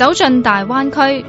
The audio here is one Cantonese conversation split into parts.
走進大灣區。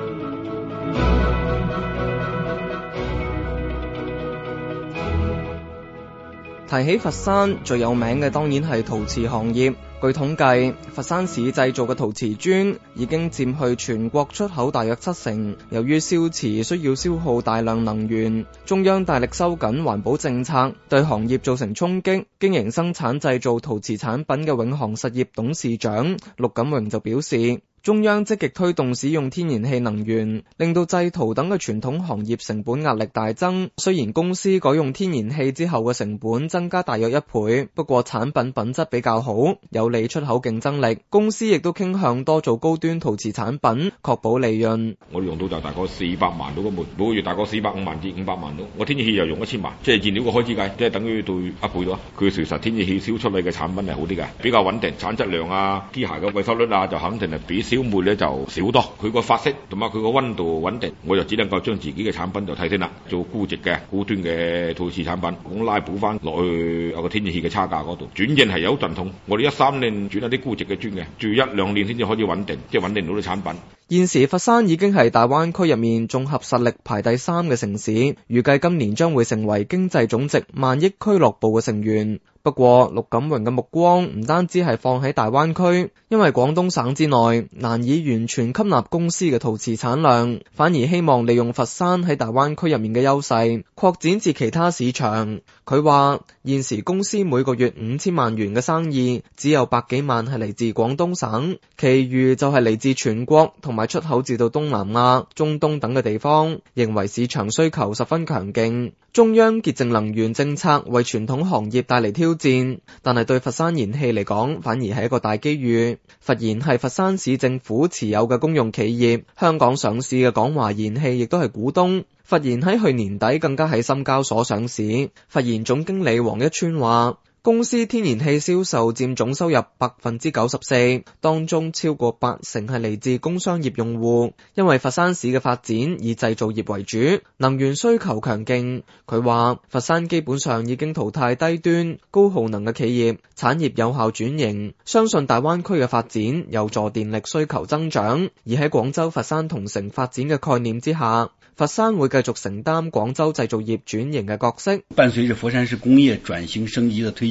提起佛山最有名嘅，當然係陶瓷行業。據統計，佛山市製造嘅陶瓷磚已經占去全國出口大約七成。由於燒瓷需要消耗大量能源，中央大力收緊環保政策，對行業造成衝擊。經營生產製造陶瓷產品嘅永航實業董事長陸錦榮就表示。中央積極推動使用天然氣能源，令到製陶等嘅傳統行業成本壓力大增。雖然公司改用天然氣之後嘅成本增加大約一倍，不過產品品質比較好，有利出口競爭力。公司亦都傾向多做高端陶瓷產品，確保利潤。我哋用到就大概四百萬到嗰門，每個月大概四百五萬至五百萬度。我天然氣又用一千萬，即係燃料嘅開支計，即係等於對一倍咯。佢事實天然氣燒出嚟嘅產品係好啲嘅，比較穩定，產質量啊、機械嘅維修率啊，就肯定係比。燒煤呢就少多，佢個發色同埋佢個溫度穩定，我就只能夠將自己嘅產品就提升啦，做估值嘅高端嘅陶瓷產品，咁拉補翻落去有個天然氣嘅差價嗰度，轉型係有陣痛，我哋一三年轉咗啲估值嘅磚嘅，住一兩年先至可以穩定，即係穩定到啲產品。現時佛山已經係大灣區入面綜合實力排第三嘅城市，預計今年將會成為經濟總值萬億俱樂部嘅成員。不過陸錦榮嘅目光唔單止係放喺大灣區，因為廣東省之內難以完全吸納公司嘅陶瓷產量，反而希望利用佛山喺大灣區入面嘅優勢，擴展至其他市場。佢話現時公司每個月五千萬元嘅生意，只有百幾萬係嚟自廣東省，其餘就係嚟自全國同埋。出口至到東南亞、中東等嘅地方，認為市場需求十分強勁。中央潔淨能源政策為傳統行業帶嚟挑戰，但係對佛山燃氣嚟講反而係一個大機遇。佛燃係佛山市政府持有嘅公用企業，香港上市嘅港華燃氣亦都係股東。佛燃喺去年底更加喺深交所上市。佛燃總經理黃一川話。公司天然氣銷售占總收入百分之九十四，當中超過八成係嚟自工商業用戶。因為佛山市嘅發展以製造業為主，能源需求強勁。佢話，佛山基本上已經淘汰低端、高耗能嘅企業，產業有效轉型。相信大灣區嘅發展有助電力需求增長，而喺廣州、佛山同城發展嘅概念之下，佛山會繼續承擔廣州製造業轉型嘅角色。伴隨着佛山市工業轉型升級嘅推。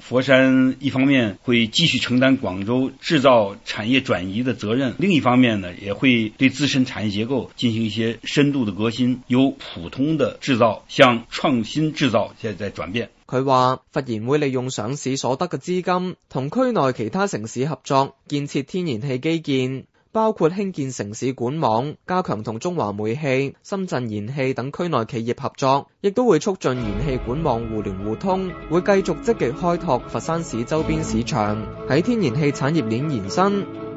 佛山一方面會繼續承擔廣州製造產業轉移的責任，另一方面呢，也會對自身產業結構進行一些深度的革新，由普通的製造向創新製造現在在轉變。佢話，佛燃會利用上市所得嘅資金，同區內其他城市合作建設天然氣基建。包括興建城市管網、加強同中華煤氣、深圳燃氣等區內企業合作，亦都會促進燃氣管網互聯互通，會繼續積極開拓佛山市周邊市場，喺天然氣產業鏈延伸。